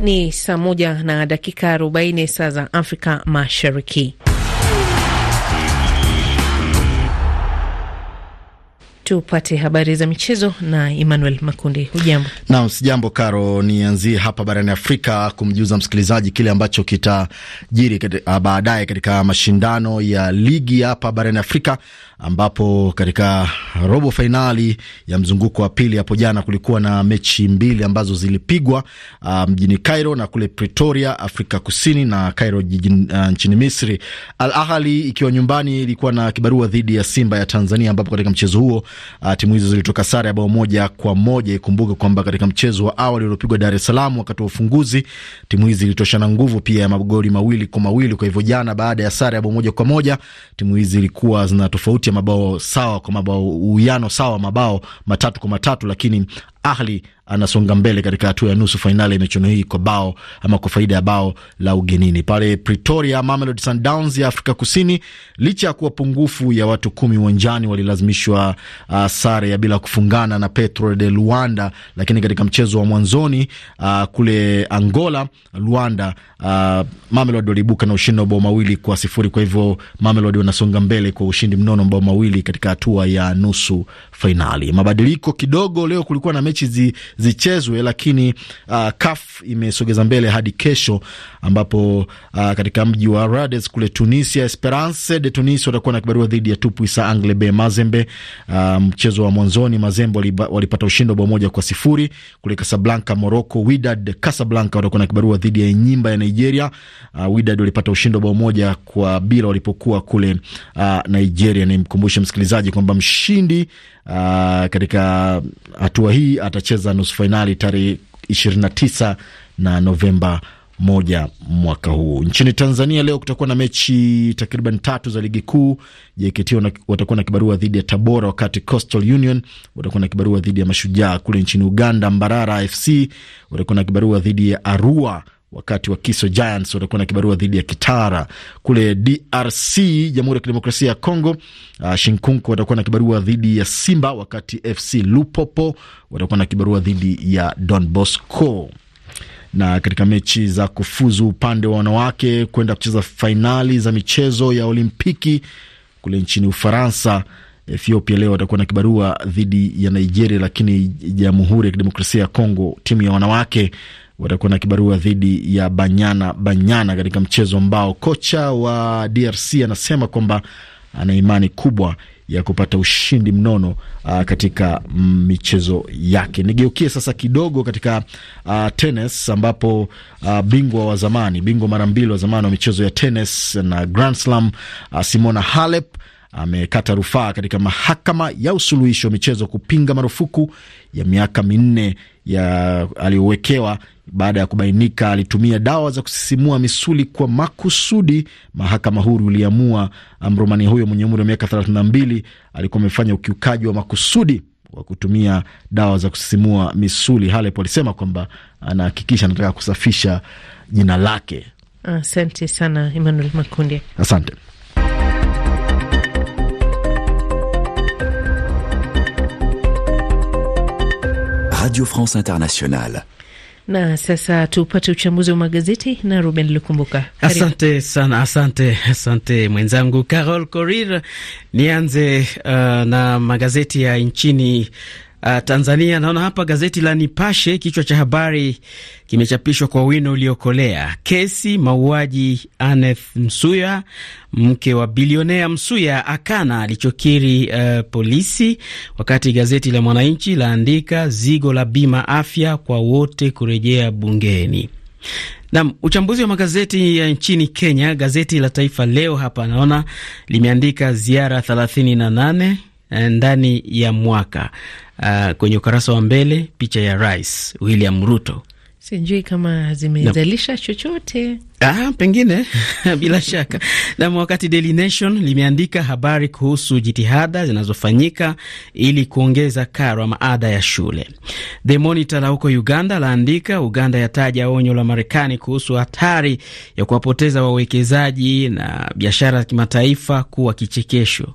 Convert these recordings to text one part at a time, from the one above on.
Ni saa moja na dakika arobaini saa za Afrika Mashariki. Tupate habari za michezo na Emmanuel Makundi. Hujambo? Naam, sijambo Karo. Nianzie hapa barani Afrika kumjuza msikilizaji kile ambacho kitajiri baadaye katika mashindano ya ligi hapa barani Afrika ambapo katika robo fainali ya mzunguko wa pili hapo jana kulikuwa na mechi mbili ambazo zilipigwa uh, mjini Cairo na kule Pretoria, Afrika Kusini na Cairo jijini, uh, nchini Misri. Al Ahli ikiwa nyumbani ilikuwa na kibarua dhidi ya Simba ya Tanzania, ambapo katika mchezo huo uh, timu hizo zilitoka sare ya bao moja kwa moja. Ikumbuke kwamba katika mchezo wa awali uliopigwa Dar es Salaam wakati wa ufunguzi, timu hizi zilitoshana nguvu pia ya magoli mawili kwa mawili. Kwa hivyo jana, baada ya sare ya bao moja kwa moja, timu hizi zilikuwa zina tofauti kupitia mabao sawa kwa mabao, uwiano sawa mabao matatu kwa matatu, lakini Ahli anasonga mbele katika hatua ya nusu fainali ya michuano hii kwa bao ama kwa faida ya bao la ugenini. Pale Pretoria, Mamelodi Sundowns ya Afrika Kusini, licha ya kuwa pungufu ya watu kumi uwanjani, walilazimishwa uh, sare ya bila kufungana na Petro de Luanda, lakini katika mchezo wa mwanzoni uh, kule Angola, Luanda uh, Mamelodi waliibuka na ushindi wa bao mawili kwa sifuri. Kwa hivyo Mamelodi wanasonga mbele kwa ushindi mnono bao mawili katika hatua ya nusu fainali. Mabadiliko kidogo leo, kulikuwa na mechi mechi zi, zichezwe, lakini uh, CAF imesogeza mbele hadi kesho, ambapo uh, katika mji wa Rades kule Tunisia, Esperance de Tunis watakuwa na kibarua dhidi ya Tupuisa Anglebe Mazembe. Uh, mchezo wa mwanzoni Mazembe walipata ushindi wa bao moja kwa sifuri. Kule Casablanca Morocco, Wydad Casablanca watakuwa na kibarua dhidi ya Enyimba ya Nigeria. Uh, Wydad walipata ushindi wa bao moja kwa bila walipokuwa kule uh, Nigeria. Nimkumbushe msikilizaji kwamba mshindi uh, katika hatua hii atacheza nusu fainali tarehe 29 na Novemba moja mwaka huu. Nchini Tanzania leo kutakuwa na mechi takriban tatu za ligi kuu. JKT watakuwa na kibarua dhidi ya Tabora, wakati Coastal Union watakuwa na kibarua dhidi ya Mashujaa. Kule nchini Uganda, Mbarara FC watakuwa na kibarua dhidi ya Arua wakati wa Kiso Giants watakuwa na kibarua dhidi ya Kitara. Kule DRC, Jamhuri ya Kidemokrasia ya Kongo, uh, Shinkunku watakuwa na kibarua dhidi ya Simba, wakati FC Lupopo watakuwa na kibarua dhidi ya Don Bosco na katika mechi za kufuzu upande wa wanawake kwenda kucheza fainali za michezo ya Olimpiki kule nchini Ufaransa, Ethiopia leo watakuwa na kibarua dhidi ya Nigeria, lakini Jamhuri ya Kidemokrasia ya Kongo, timu ya wanawake watakuwa na kibarua dhidi ya Banyana Banyana katika mchezo ambao kocha wa DRC anasema kwamba ana imani kubwa ya kupata ushindi mnono uh, katika mm, michezo yake. Nigeukie sasa kidogo katika uh, tenis ambapo uh, bingwa wa zamani, bingwa mara mbili wa zamani wa michezo ya tenis na Grand Slam uh, Simona Halep amekata rufaa katika mahakama ya usuluhishi wa michezo kupinga marufuku ya miaka minne ya aliyowekewa baada ya kubainika alitumia dawa za kusisimua misuli kwa makusudi. Mahakama huru iliamua Mromania huyo mwenye umri wa miaka 32 alikuwa amefanya ukiukaji wa makusudi wa kutumia dawa za kusisimua misuli. Halep alisema kwamba anahakikisha anataka kusafisha jina lake. Asante sana Emmanuel Makundi, asante. Radio France Internationale. Na sasa tupate uchambuzi wa magazeti na Ruben Lukumbuka. Asante sana, asante asante mwenzangu Carol Korir. Nianze uh, na magazeti ya nchini uh, Tanzania. Naona hapa gazeti la Nipashe, kichwa cha habari kimechapishwa kwa wino uliokolea, kesi mauaji Aneth Msuya, mke wa bilionea Msuya akana alichokiri uh, polisi, wakati gazeti la Mwananchi laandika zigo la bima afya kwa wote kurejea bungeni. Nam, uchambuzi wa magazeti ya nchini Kenya. Gazeti la Taifa Leo hapa naona limeandika ziara 38 eh, ndani ya mwaka uh, kwenye ukurasa wa mbele picha ya Rais William Ruto. Sijui kama zimezalisha no. chochote ah, pengine bila shaka nam. Wakati Daily Nation limeandika habari kuhusu jitihada zinazofanyika ili kuongeza karo ama ada ya shule. The Monitor la huko Uganda laandika Uganda yataja onyo la Marekani kuhusu hatari ya kuwapoteza wawekezaji na biashara ya kimataifa kuwa kichekesho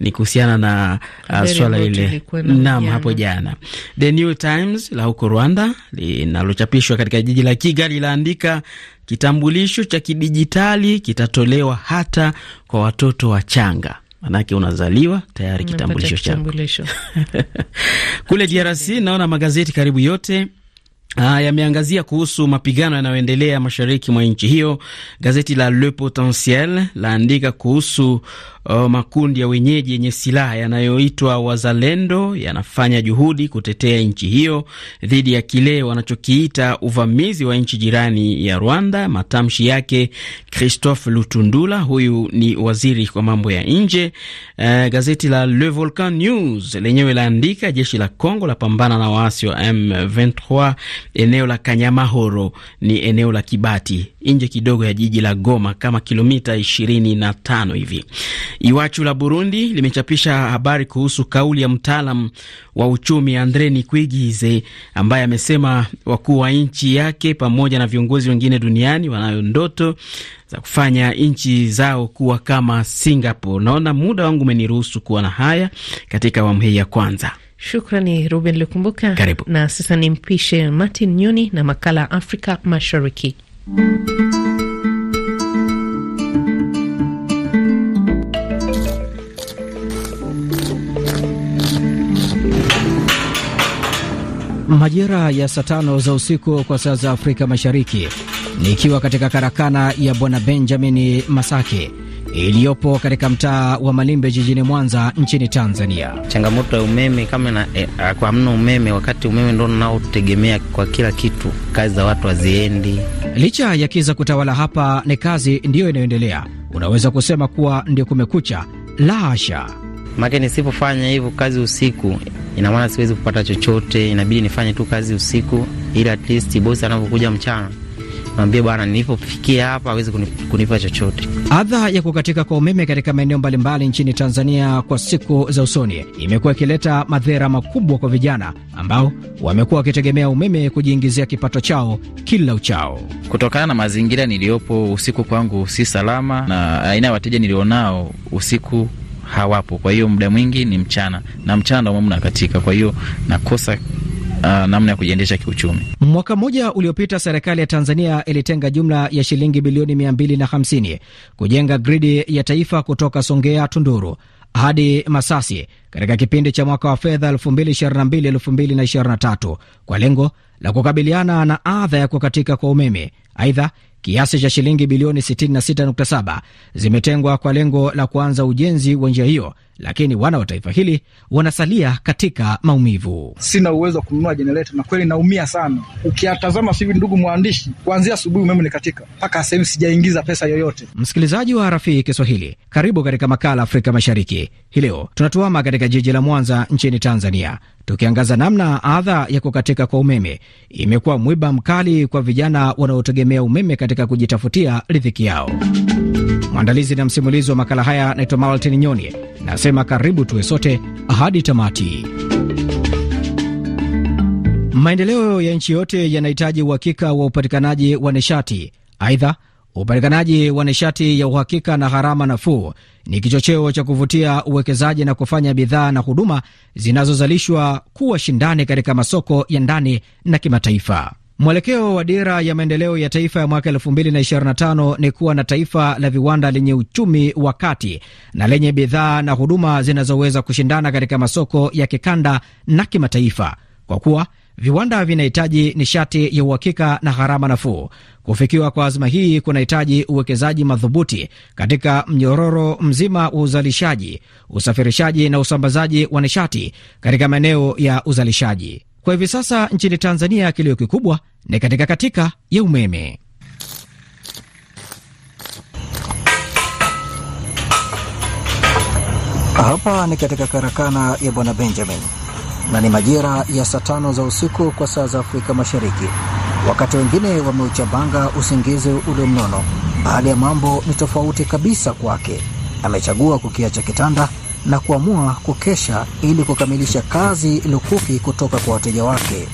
ni kuhusiana na uh, swala ile nam hapo jana. The New Times la huko Rwanda linalochapishwa katika jiji la Kigali laandika kitambulisho cha kidijitali kitatolewa hata kwa watoto wachanga. Manake unazaliwa tayari kitambulisho chako. Kule DRC naona magazeti karibu yote Ah, yameangazia kuhusu mapigano yanayoendelea mashariki mwa nchi hiyo. Gazeti la Le Potentiel laandika kuhusu uh, makundi ya wenyeji yenye silaha yanayoitwa Wazalendo yanafanya juhudi kutetea nchi hiyo dhidi ya kile wanachokiita uvamizi wa nchi jirani ya Rwanda. Matamshi yake Christophe Lutundula, huyu ni waziri kwa mambo ya nje. Uh, gazeti la Le Volcan News lenyewe laandika jeshi la Congo la pambana na waasi wa M23 eneo la Kanyamahoro ni eneo la Kibati nje kidogo ya jiji la Goma kama kilomita 25 hivi. Iwachu la Burundi limechapisha habari kuhusu kauli ya mtaalam wa uchumi Andre Nikwigize ambaye amesema wakuu wa nchi yake pamoja na viongozi wengine duniani wanayo ndoto za kufanya nchi zao kuwa kama Singapore. Naona muda wangu umeniruhusu kuwa na haya katika awamu hii ya kwanza. Shukrani Ruben Lukumbuka. Karibu na sasa ni mpishe Martin Nyoni na makala ya Afrika Mashariki. Majira ya saa tano za usiku kwa saa za Afrika Mashariki, nikiwa katika karakana ya Bwana Benjamin Masaki iliyopo katika mtaa wa Malimbe jijini Mwanza nchini Tanzania. Changamoto ya umeme kama na, eh, ah, kwa mna umeme, wakati umeme ndo naotegemea kwa kila kitu, kazi za watu haziendi. Licha ya kiza kutawala hapa, ni kazi ndiyo inayoendelea. Unaweza kusema kuwa ndio kumekucha? La hasha, make nisipofanya hivyo kazi usiku ina maana siwezi kupata chochote, inabidi nifanye tu kazi usiku, ili at least bosi anapokuja mchana mwambie bwana, nilipofikia hapa hawezi kunipa chochote. Adha ya kukatika kwa umeme katika maeneo mbalimbali nchini Tanzania kwa siku za usoni imekuwa ikileta madhara makubwa kwa vijana ambao wamekuwa wakitegemea umeme kujiingizia kipato chao kila uchao. Kutokana na mazingira niliyopo, usiku kwangu si salama, na aina ya wateja nilionao usiku hawapo. Kwa hiyo muda mwingi ni mchana, na mchana ndio mnakatika, kwa hiyo nakosa uh, namna ya kujiendesha kiuchumi. Mwaka mmoja uliopita serikali ya Tanzania ilitenga jumla ya shilingi bilioni 250 kujenga gridi ya taifa kutoka Songea Tunduru hadi Masasi katika kipindi cha mwaka wa fedha 2022-2023 kwa lengo la kukabiliana na adha ya kukatika kwa umeme. Aidha, kiasi cha shilingi bilioni 66.7 zimetengwa kwa lengo la kuanza ujenzi wa njia hiyo lakini wana wa taifa hili wanasalia katika maumivu. Sina uwezo wa kununua jenereta na kweli naumia sana. Ukiyatazama sivi, ndugu mwandishi, kuanzia asubuhi umeme nikatika mpaka sahivi sijaingiza pesa yoyote. Msikilizaji wa Rafii Kiswahili, karibu katika makala Afrika Mashariki. Hii leo tunatuama katika jiji la Mwanza nchini Tanzania, tukiangaza namna adha ya kukatika kwa umeme imekuwa mwiba mkali kwa vijana wanaotegemea umeme katika kujitafutia riziki yao. Mwandalizi na msimulizi wa makala haya naitwa Maltin Nyoni. Nasema karibu tuwe sote hadi tamati. Maendeleo ya nchi yote yanahitaji uhakika wa upatikanaji wa nishati. Aidha, upatikanaji wa nishati ya uhakika na gharama nafuu ni kichocheo cha kuvutia uwekezaji na kufanya bidhaa na huduma zinazozalishwa kuwa shindani katika masoko ya ndani na kimataifa. Mwelekeo wa dira ya maendeleo ya taifa ya mwaka 2025 ni kuwa na taifa la viwanda lenye uchumi wa kati na lenye bidhaa na huduma zinazoweza kushindana katika masoko ya kikanda na kimataifa, kwa kuwa viwanda vinahitaji nishati ya uhakika na gharama nafuu. Kufikiwa kwa azma hii kunahitaji uwekezaji madhubuti katika mnyororo mzima wa uzalishaji, usafirishaji na usambazaji wa nishati katika maeneo ya uzalishaji. Kwa hivi sasa nchini Tanzania kilio kikubwa ni katika katika ya umeme. Hapa ni katika karakana ya Bwana Benjamin na ni majira ya saa tano za usiku kwa saa za Afrika Mashariki, wakati wengine wameuchabanga usingizi ule mnono. Hali ya mambo ni tofauti kabisa kwake, amechagua kukiacha kitanda na kuamua kukesha ili kukamilisha kazi lukuki kutoka kwa wateja wake.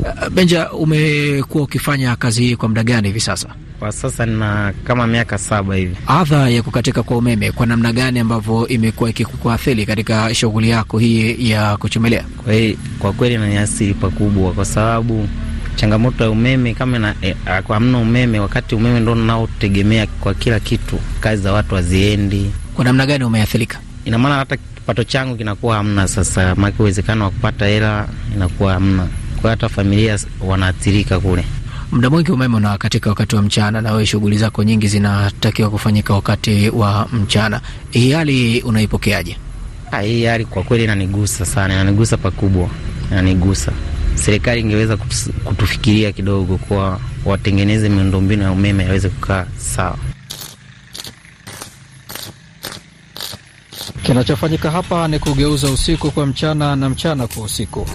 Uh, Benja, umekuwa ukifanya kazi hii kwa muda gani hivi sasa? Kwa sasa nina kama miaka saba hivi. Adha ya kukatika kwa umeme kwa namna gani ambavyo imekuwa ikikuathiri katika shughuli yako hii ya kuchomelea? Kwa, kwa kweli inaniathiri pakubwa, kwa sababu changamoto ya umeme kama na, eh, ah, umeme, wakati umeme ndo naotegemea kwa kila kitu, kazi za watu haziendi, kwa namna gani umeathirika? Ina maana hata kipato changu kinakuwa hamna sasa, maki uwezekano wa kupata hela inakuwa hamna, kwa hata familia wanaathirika kule. Muda mwingi umeme unakatika wakati wa mchana, na wewe shughuli zako nyingi zinatakiwa kufanyika wakati wa mchana. Hii hali unaipokeaje? Ha, ah, hii hali kwa kweli inanigusa sana, inanigusa pakubwa, inanigusa. Serikali ingeweza kutufikiria kidogo, kwa watengeneze miundombinu ya umeme yaweze kukaa sawa. Kinachofanyika hapa ni kugeuza usiku kwa mchana na mchana kwa usiku.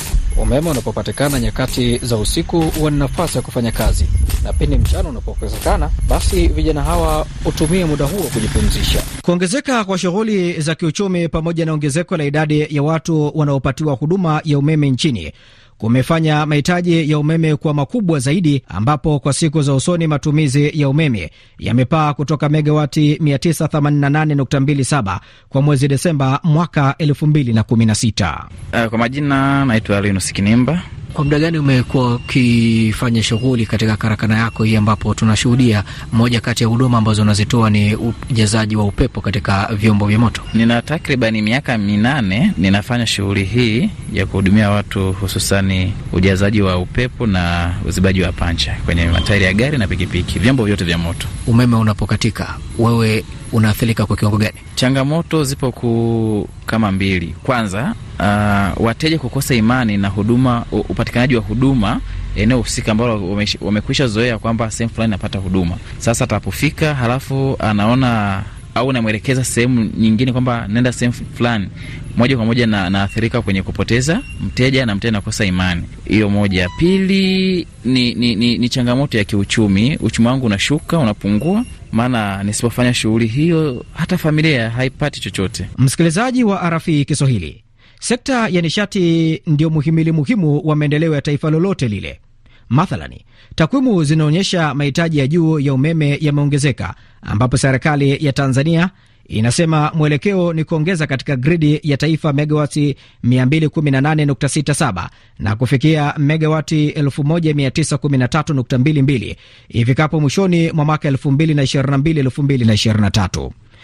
Umeme unapopatikana nyakati za usiku huwa ni nafasi ya kufanya kazi, na pindi mchana unapokosekana, basi vijana hawa hutumie muda huo kujipumzisha. Kuongezeka kwa shughuli za kiuchumi pamoja na ongezeko la idadi ya watu wanaopatiwa huduma ya umeme nchini kumefanya mahitaji ya umeme kuwa makubwa zaidi, ambapo kwa siku za usoni matumizi ya umeme yamepaa kutoka megawati 988.27 kwa mwezi Desemba mwaka 2016. Eh, kwa majina naitwa Linus Kinimba kwa muda gani umekuwa ukifanya shughuli katika karakana yako hii, ambapo tunashuhudia moja kati ya huduma ambazo unazitoa ni ujazaji wa upepo katika vyombo vya moto? Nina takribani miaka minane ninafanya shughuli hii ya kuhudumia watu, hususani ujazaji wa upepo na uzibaji wa pancha kwenye matairi ya gari na pikipiki, vyombo vyote vya moto. Umeme unapokatika wewe unaathirika kwa kiwango gani? Changamoto zipo ku kama mbili. Kwanza uh, wateja kukosa imani na huduma, upatikanaji wa huduma eneo husika ambalo wamekwisha zoea kwamba sehemu fulani napata huduma. Sasa atapofika halafu anaona au namwelekeza sehemu nyingine kwamba nenda sehemu fulani, moja kwa moja na naathirika kwenye kupoteza mteja na mteja nakosa imani. Hiyo moja. Pili ni, ni, ni, ni changamoto ya kiuchumi. Uchumi wangu unashuka unapungua, maana nisipofanya shughuli hiyo hata familia haipati chochote. Msikilizaji wa RFI Kiswahili, Sekta ya nishati ndio muhimili muhimu wa maendeleo ya taifa lolote lile. Mathalani, takwimu zinaonyesha mahitaji ya juu ya umeme yameongezeka, ambapo serikali ya Tanzania inasema mwelekeo ni kuongeza katika gridi ya taifa megawati 218.67 na kufikia megawati 1913.22 ifikapo mwishoni mwa mwaka 2022/2023.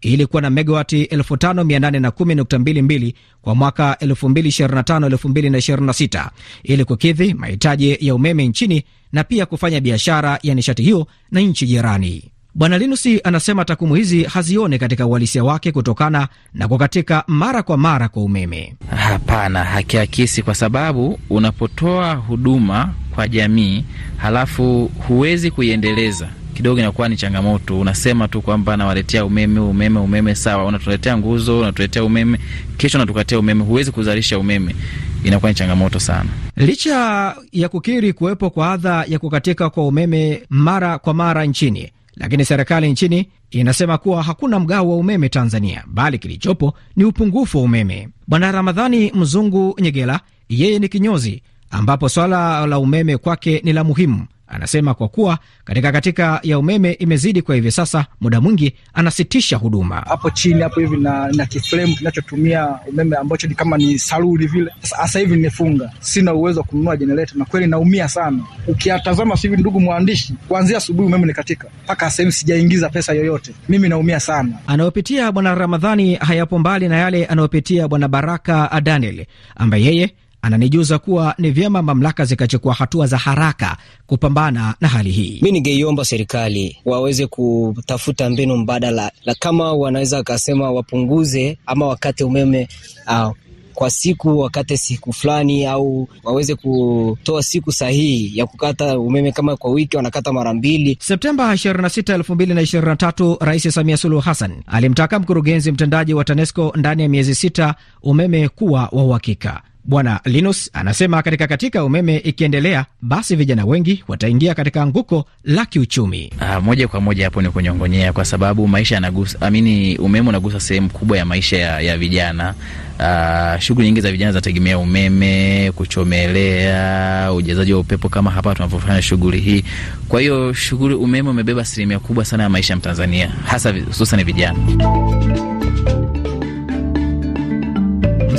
ili kuwa na megawati 5810.22 kwa mwaka 2025-2026 ili kukidhi mahitaji ya umeme nchini na pia kufanya biashara ya nishati hiyo na nchi jirani. Bwana Linusi anasema takwimu hizi hazione katika uhalisia wake kutokana na kukatika mara kwa mara kwa umeme. Hapana, hakiakisi, kwa sababu unapotoa huduma kwa jamii halafu huwezi kuiendeleza kidogo inakuwa ni changamoto. Unasema tu kwamba nawaletea umeme, umeme, umeme, sawa, unatuletea nguzo, unatuletea umeme, kesho natukatia umeme, huwezi kuzalisha umeme, inakuwa ni changamoto sana. Licha ya kukiri kuwepo kwa adha ya kukatika kwa umeme mara kwa mara nchini, lakini serikali nchini inasema kuwa hakuna mgao wa umeme Tanzania, bali kilichopo ni upungufu wa umeme. Bwana Ramadhani Mzungu Nyegela, yeye ni kinyozi, ambapo swala la umeme kwake ni la muhimu Anasema kwa kuwa katika katika ya umeme imezidi, kwa hivi sasa muda mwingi anasitisha huduma. Hapo chini hapo hivi na, na kifremu kinachotumia umeme ambacho ni kama ni saruri vile. Sasa hivi nimefunga, sina uwezo wa kununua jenereta na kweli naumia sana. Ukiyatazama sivi, ndugu mwandishi, kuanzia asubuhi umeme ni katika mpaka sasa hivi sijaingiza pesa yoyote, mimi naumia sana. Anayopitia Bwana Ramadhani hayapo mbali na yale anayopitia Bwana Baraka Daniel ambaye yeye ananijuza kuwa ni vyema mamlaka zikachukua hatua za haraka kupambana na hali hii. Mi ningeiomba serikali waweze kutafuta mbinu mbadala, na kama wanaweza wakasema wapunguze ama wakate umeme au ah, kwa siku wakate siku fulani, au waweze kutoa siku sahihi ya kukata umeme. Kama kwa wiki wanakata mara mbili. Septemba 26, 2023, Rais Samia Suluhu Hassan alimtaka mkurugenzi mtendaji wa TANESCO ndani ya miezi sita umeme kuwa wa uhakika. Bwana Linus anasema katika katika umeme ikiendelea, basi vijana wengi wataingia katika anguko la kiuchumi. Ah, moja kwa moja hapo ni kunyongonyea, kwa sababu maisha yanagusa, amini umeme unagusa sehemu kubwa ya maisha ya, ya vijana. Uh, shughuli nyingi za vijana zinategemea umeme, kuchomelea, ujazaji wa upepo kama hapa tunavyofanya shughuli hii. Kwa hiyo shughuli umeme umebeba asilimia kubwa sana ya maisha ya Mtanzania, hasa hususan vijana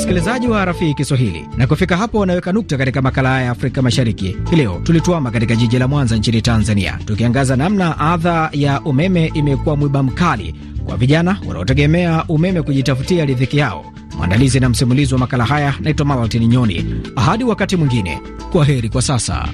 msikilizaji wa Rafiki Kiswahili, na kufika hapo wanaweka nukta katika makala haya ya Afrika Mashariki hii leo. Tulituama katika jiji la Mwanza nchini Tanzania, tukiangaza namna adha ya umeme imekuwa mwiba mkali kwa vijana wanaotegemea umeme kujitafutia riziki yao. Mwandalizi na msimulizi wa makala haya naitwa Malatini Nyoni. Hadi wakati mwingine, kwa heri kwa sasa.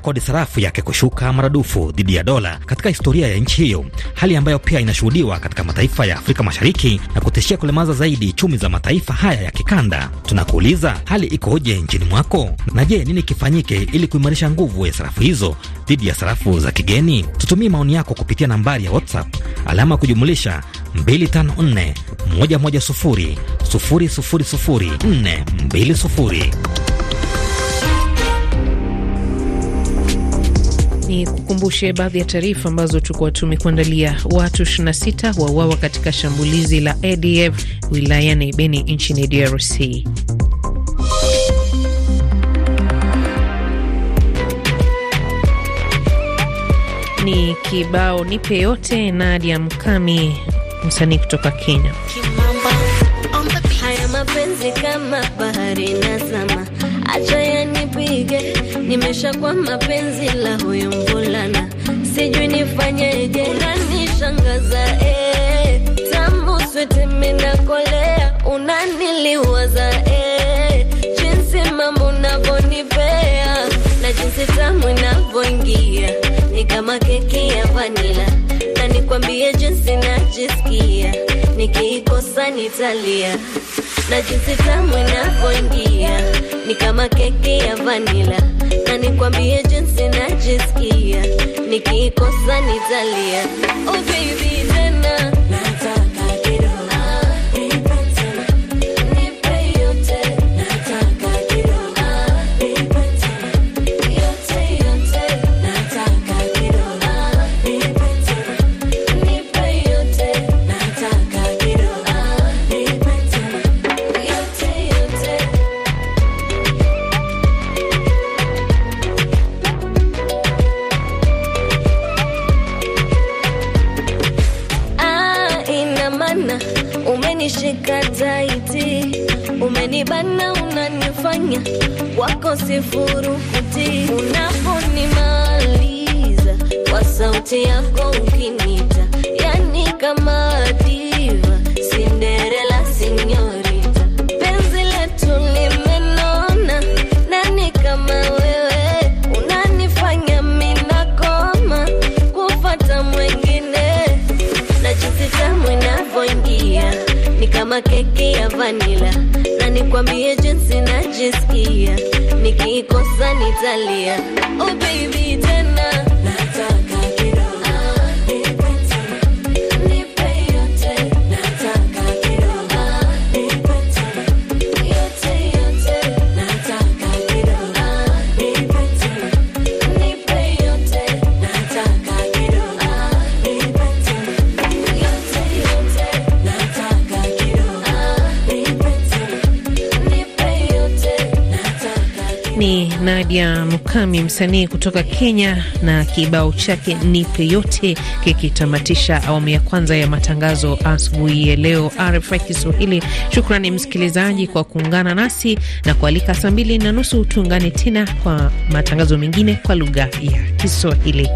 rekodi sarafu yake kushuka maradufu dhidi ya dola katika historia ya nchi hiyo, hali ambayo pia inashuhudiwa katika mataifa ya Afrika Mashariki na kutishia kulemaza zaidi chumi za mataifa haya ya kikanda. Tunakuuliza, hali ikoje nchini mwako, na je, nini kifanyike ili kuimarisha nguvu ya sarafu hizo dhidi ya sarafu za kigeni? Tutumie maoni yako kupitia nambari ya WhatsApp alama kujumulisha 254 110 000 sufuri. ni kukumbushe baadhi ya taarifa ambazo tukuwa tumekuandalia. Watu 26 wauawa katika shambulizi la ADF wilayani Beni nchini DRC. Ni kibao nipe yote Nadia Mkami, msanii kutoka Kenya. Kimamba, nimesha kwa mapenzi la huyu mvulana, sijui nifanyeje, unanishangaza eh, tambu swete kolea unaniliwaza eh, jinsi mambo navonipea na jinsi tamu inavyoingia ni kama keki ya vanila, na nikwambie jinsi najisikia nitalia na jinsi tamu inavyoingia ni kama keki ya vanila, na nikwambie jinsi najisikia, nikiikosa nitalia. Oh baby tena sana unanifanya wako sifuru furukuti unaponimaliza kwa sauti yako ukinita, yani kama diva Cinderella sinyorita, penzi letu limenona, nani kama wewe unanifanya minakoma kufata mwengine, na jinsi tamu inavyoingia ni kama keki ya vanilla nikwambie jinsi najisikia, nikikosa nitalia. Oh baby tena ni Nadia Mukami, msanii kutoka Kenya, na kibao chake nipe yote kikitamatisha awamu ya kwanza ya matangazo asubuhi ya leo RFI Kiswahili. Shukrani msikilizaji kwa kuungana nasi na kualika, saa mbili na nusu tuungane tena kwa matangazo mengine kwa lugha ya Kiswahili.